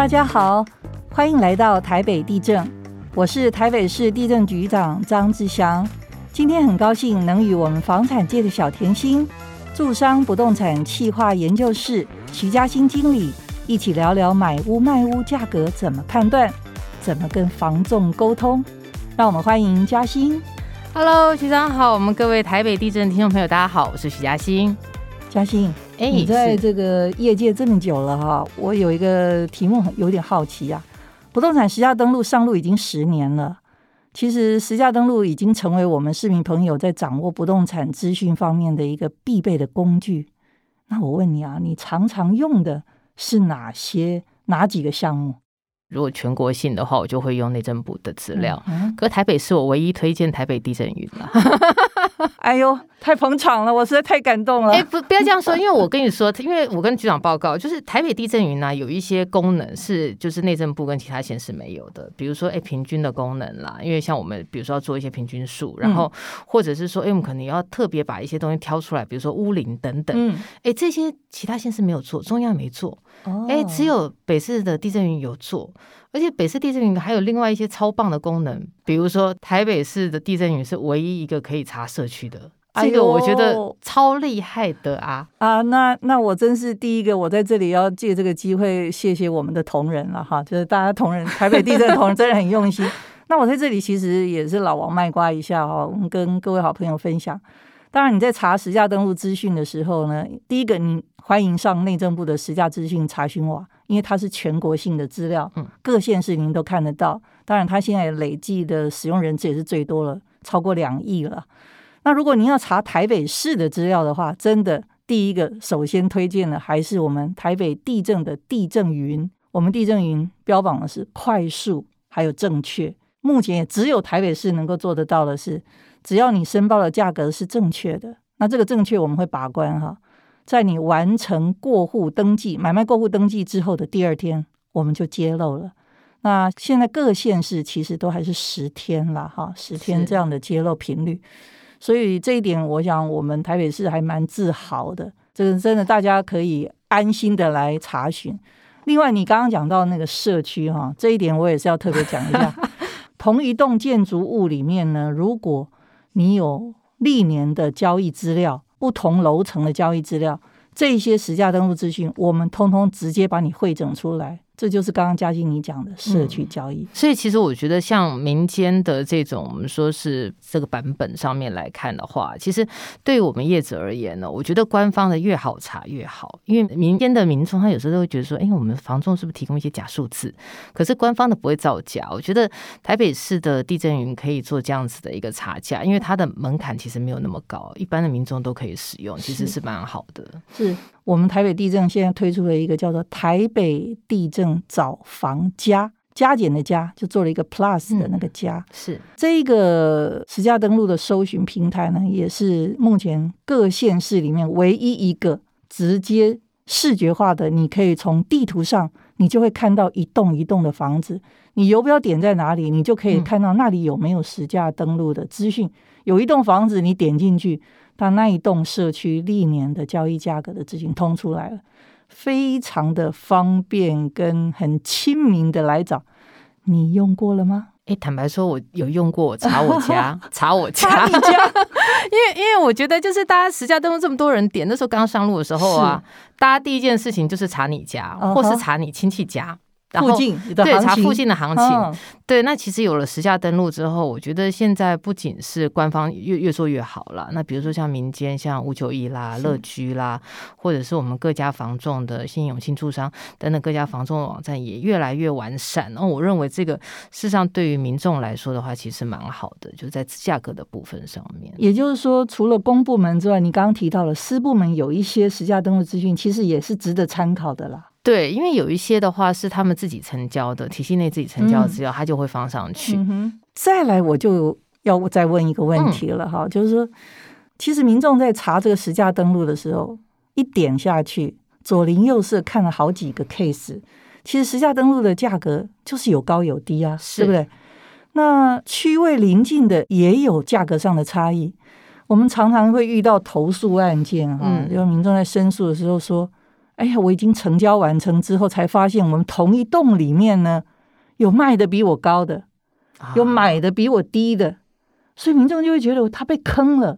大家好，歡迎來到台北地政。我是台北市地政局長張志祥，今天很高興能與我們房產界的小甜心，住商不動產企劃研究室徐佳馨經理一起聊聊買屋賣屋價格怎麼判斷，怎麼跟房仲溝通。讓我們歡迎佳馨。Hello，局長好，我們各位台北地政聽眾朋友，大家好，我是徐佳馨，佳馨。你在這個業界這麼久了哈，我有一個題目，有點好奇啊，不動產實價登錄上路已經十年了，其實實價登錄已經成為我們市民朋友在掌握不動產資訊方面的一個必備的工具。那我問你啊，你常常用的是哪些哪幾個項目？如果全國性的話，我就會用內政部的資料。嗯、可台北是我唯一推薦台北地震雲了。 哎呦，太捧場了，我實在太感動了。哎，不，不要這樣說，因為我跟你說，因為我跟局長報告，就是台北地政雲呢、啊，有一些功能是，就是內政部跟其他縣市沒有的，比如說哎，平均的功能啦，因為像我們，比如說要做一些平均數，然後或者是說，哎，我們可能要特別把一些東西挑出來，比如說屋齡等等，嗯，哎，這些其他縣市沒有做，中央沒做。哎，只有北市的地政雲有做，而且北市地政雲還有另外一些超棒的功能，比如說台北市的地政雲是唯一一個可以查社區的，這、哎、個呦我覺得超厲害的啊啊！那那我真是第一個，我在這裡要借這個機會謝謝我們的同仁了哈，就是大家同仁，台北地政的同仁真的很用心。 那我在這裡其實也是老王賣瓜一下哈、哦，我們跟各位好朋友分享。當然你在查實價登錄資訊的時候呢，第一個你，歡迎上內政部的實價資訊查詢網，因為它是全國性的資料，各縣市您都看得到。當然，它現在累計的使用人次也是最多了，超過兩億了。那如果您要查台北市的資料的話，真的第一個首先推薦的還是我們台北地政的地政雲。我們地政雲標榜的是快速還有正確，目前也只有台北市能夠做得到的是，只要你申報的價格是正確的，那這個正確我們會把關哈，在你完成過戶登記、買賣過戶登記之後的第二天，我們就揭露了。那現在各縣市其實都還是十天啦，哈，十天這樣的揭露頻率。所以這一點，我想我們台北市還蠻自豪的。這是真的，大家可以安心的來查詢。另外，你剛剛講到那個社區哈，這一點我也是要特別講一下。同一棟建築物裡面呢，如果你有歷年的交易資料。不同樓層的交易資料，這些實價登錄資訊，我們通通直接把你匯整出來。這就是剛剛佳馨你講的社區交易、嗯，所以其實我覺得像民間的這種，我們說是這個版本上面來看的話，其實對於我們業者而言呢，我覺得官方的越好查越好，因為民間的民眾他有時候都會覺得說，哎，我們房仲是不是提供一些假數字？可是官方的不會造假。我覺得台北市的地政雲可以做這樣子的一個查價，因為它的門檻其實沒有那麼高，一般的民眾都可以使用，其實是蠻好的。是,是我們台北地政雲現在推出了一個叫做台北地政雲。找房家加加減的加，就做了一個 plus 的那個加，嗯、是這個實價登錄的搜尋平台呢，也是目前各縣市裡面唯一一個直接視覺化的，你可以從地圖上，你就會看到一棟一棟的房子，你游標點在哪裡，你就可以看到那裡有沒有實價登錄的資訊。嗯、有一棟房子你點進去，它那一棟社區歷年的交易價格的資訊通出來了。非常的方便跟很親民的來找，你用過了嗎？哎，坦白說，我有用過，查我家，uh huh. 查我家，家 因為因為我覺得就是大家實價都有這麼多人點，那時候剛上路的時候啊，是大家第一件事情就是查你家，uh huh. 或是查你親戚家。Uh huh. 然後附近對查附近的行情，哦、對，那其實有了實價登錄之後，我覺得現在不僅是官方越越做越好了。那比如說像民間像五九一啦、樂居啦，是或者是我們各家房仲的信義、永慶、住商等等各家房仲的網站也越來越完善。那我認為這個事實上對於民眾來說的話，其實蠻好的，就在價格的部分上面。也就是說，除了公部門之外，你剛剛提到了私部門有一些實價登錄資訊，其實也是值得參考的啦。對，因為有一些的話是他們自己成交的，體系內自己成交的資料，他就會放上去。嗯嗯、哼再來我就要再問一個問題了哈、嗯，就是說，其實民眾在查這個實價登錄的時候，一點下去，左鄰右舍看了好幾個 case，其實實價登錄的價格就是有高有低啊，是對不對？那區位鄰近的也有價格上的差異，我們常常會遇到投訴案件哈、啊，因為、嗯、民眾在申訴的時候說。哎呀，我已經成交完成之後，才發現我們同一棟裡面呢，有賣的比我高的，有買的比我低的，所以民眾就會覺得他被坑了。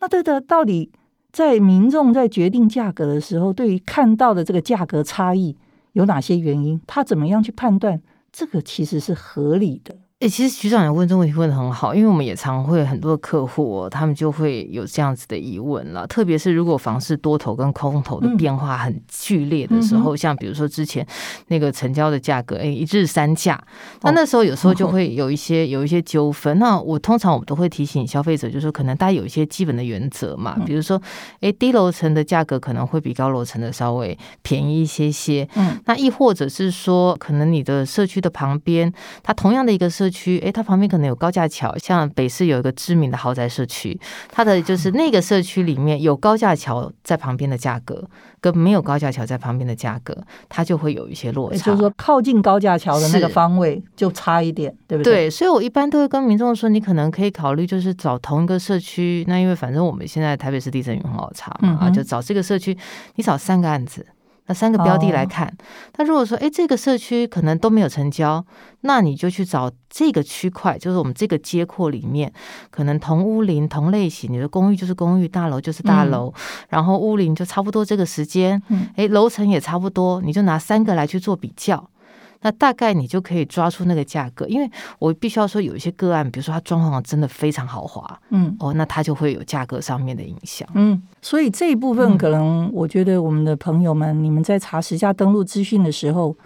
那這個到底在民眾在決定價格的時候，對於看到的這個價格差異有哪些原因？他怎麼樣去判斷這個其實是合理的？哎，其實局長也問這個問題問得很好，因為我們也常會很多客戶、哦，他們就會有這樣子的疑問了。特別是如果房市多頭跟空頭的變化很劇烈的時候，嗯、像比如說之前那個成交的價格，哎，一日三價，嗯、那那時候有時候就會有一些、哦、有一些糾紛。哦、那我通常我們都會提醒消費者，就是說可能大家有一些基本的原則嘛，嗯、比如說，哎，低樓層的價格可能會比高樓層的稍微便宜一些些。嗯，那亦或者是說，可能你的社區的旁邊，它同樣的一個社區區誒，它旁邊可能有高架橋，像北市有一個知名的豪宅社區，它的就是那個社區裡面有高架橋在旁邊的價格，跟沒有高架橋在旁邊的價格，它就會有一些落差。就是說，靠近高架橋的那個方位是就差一點，對不對？對，所以我一般都會跟民眾說，你可能可以考慮就是找同一個社區，那因為反正我們現在台北市地政雲很好查嘛，啊、嗯哼，就找這個社區，你找三個案子。三個標的來看，那、oh. 如果說，誒這個社區可能都沒有成交，那你就去找這個區塊，就是我們這個街廓裡面，可能同屋齡、同類型，你的公寓就是公寓，大樓就是大樓，嗯、然後屋齡就差不多，這個時間，誒樓層也差不多，你就拿三個來去做比較。那大概你就可以抓出那個價格，因為我必須要說有一些個案，比如說它裝潢真的非常豪華，嗯，哦，那它就會有價格上面的影響，嗯，所以這一部分可能我覺得我們的朋友們，嗯，你們在查實價登錄資訊的時候，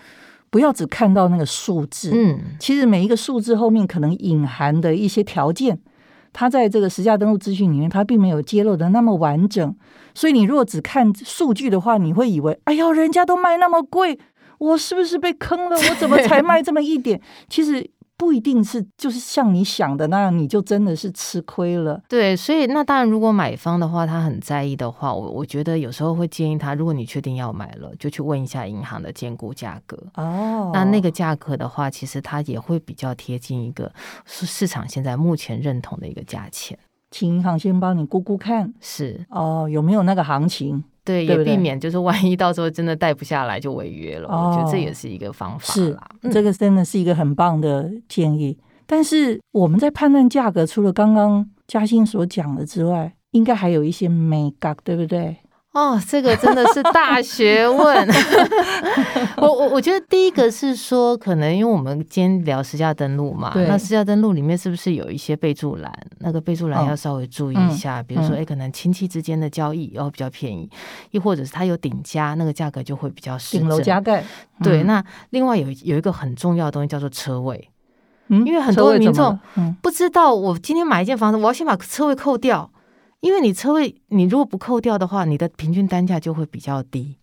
不要只看到那個數字，嗯，其實每一個數字後面可能隱含的一些條件，它在這個實價登錄資訊裡面它並沒有揭露的那麼完整，所以你如果只看數據的話，你會以為，哎喲，人家都賣那麼貴。我是不是被坑了？我怎麼才賣這麼一點？ 其實不一定是就是像你想的那樣，你就真的是吃虧了。對，所以那當然，如果買方的話他很在意的話，我我覺得有時候會建議他，如果你確定要買了，就去問一下銀行的鑑估價格。哦，那那個價格的話，其實他也會比較貼近一個市市場現在目前認同的一個價錢，請銀行先幫你估估看，是哦，有沒有那個行情？對，也避免就是萬一到時候真的貸不下來就違約了，對對我覺得這也是一個方法啦、哦。是，這個真的是一個很棒的建議。嗯、但是我們在判斷價格，除了剛剛佳馨所講的之外，應該還有一些眉角，對不對？哦，這個真的是大學問。 我。我我我覺得第一個是說，可能因為我們今天聊實價登錄嘛，對那實價登錄裡面是不是有一些備註欄？那個備註欄要稍微注意一下，哦嗯、比如說，哎、欸，可能親戚之間的交易哦比較便宜，又或者是他有頂加，那個價格就會比較少。頂樓加蓋，嗯、對。那另外有有一個很重要的東西叫做車位，嗯，因為很多民眾、嗯、不知道，我今天買一間房子，我要先把車位扣掉。因為你車位你如果不扣掉的話，你的平均單價就會比較低。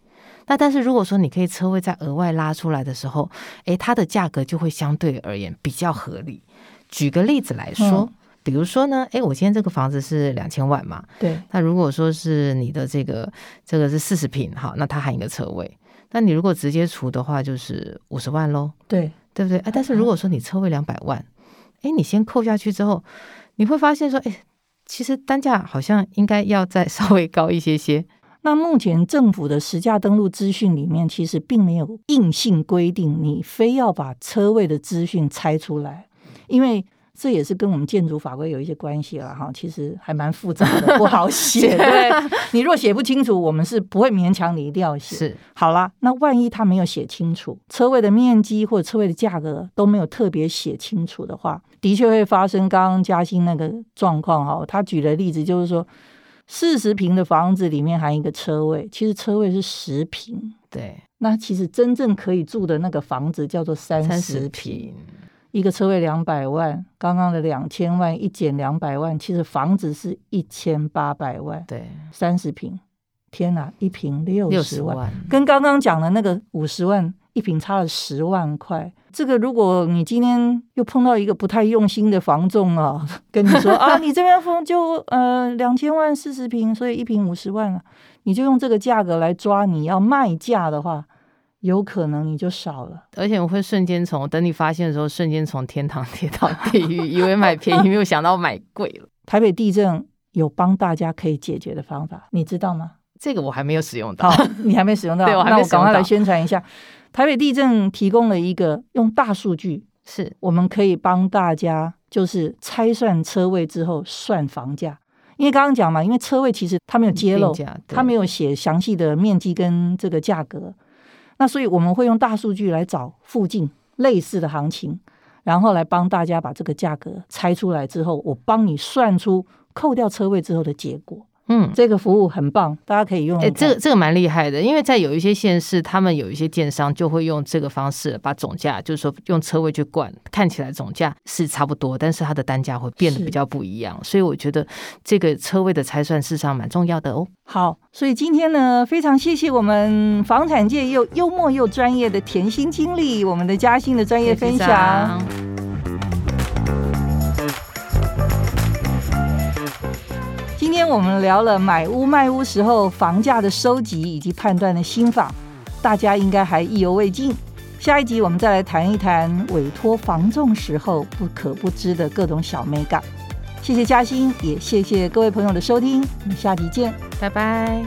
那但是如果說你可以車位再額外拉出來的時候，哎，它的價格就會相對而言比較合理。舉個例子來說，嗯、比如說呢，哎，我今天這個房子是兩千萬嘛，對。那如果說是你的這個這個是四十平，好，那它含一個車位。那你如果直接除的話，就是五十萬嘍，對，對不對？哎，但是如果說你車位兩百萬，哎，你先扣下去之後，你會發現說，哎。其實單價好像應該要再稍微高一些些。那目前政府的實價登錄資訊裡面，其實並沒有硬性規定你非要把車位的資訊拆出來，因為。這也是跟我們建築法規有一些關係了哈，其實還蠻複雜的，不好寫。 對，你若寫不清楚，我們是不會勉強你一定要寫。是好啦，那萬一他沒有寫清楚車位的面積或者車位的價格都沒有特別寫清楚的話，的確會發生剛剛佳馨那個狀況哈。他舉的例子就是說，四十坪的房子裡面含一個車位，其實車位是十坪。對，那其實真正可以住的那個房子叫做三十坪。一個車位兩百萬，剛剛的兩千萬一減兩百萬，其實房子是一千八百萬。對，三十坪，天哪，一坪六十萬，萬跟剛剛講的那個五十萬一坪差了十萬塊。這個如果你今天又碰到一個不太用心的房仲哦、啊，跟你說 啊，你這邊房就呃兩千萬四十坪，所以一坪五十萬啊，你就用這個價格來抓，你要賣價的話。有可能你就少了，而且我會瞬間從等你發現的時候，瞬間從天堂跌到地獄， 以為買便宜，沒有想到買貴了。台北地政有幫大家可以解決的方法，你知道嗎？這個我還沒有使用到，你還沒使用到， 對，我還沒使用到。那我趕快來宣傳一下， 台北地政提供了一個用大數據，是我們可以幫大家，就是拆算車位之後算房價，因為剛剛講嘛，因為車位其實它沒有揭露，它沒有寫詳細的面積跟這個價格。那所以我們會用大數據來找附近類似的行情，然後來幫大家把這個價格拆出來之後，我幫你算出扣掉車位之後的結果。嗯，這個服務很棒，大家可以用。哎，這個這個蠻厲害的，因為在有一些縣市，他們有一些建商就會用這個方式把總價，就是說用車位去灌，看起來總價是差不多，但是它的單價會變得比較不一樣。是所以我覺得這個車位的拆算事實上蠻重要的哦。好，所以今天呢，非常謝謝我們房產界又幽默又專業的甜心經理，我們的佳馨的專業分享。謝謝今天我們聊了買屋賣屋時候房價的收集以及判斷的心法，大家應該還意猶未盡。下一集我們再來談一談委託房仲時候不可不知的各種小眉角。謝謝佳馨，也謝謝各位朋友的收聽，我們下集見，拜拜。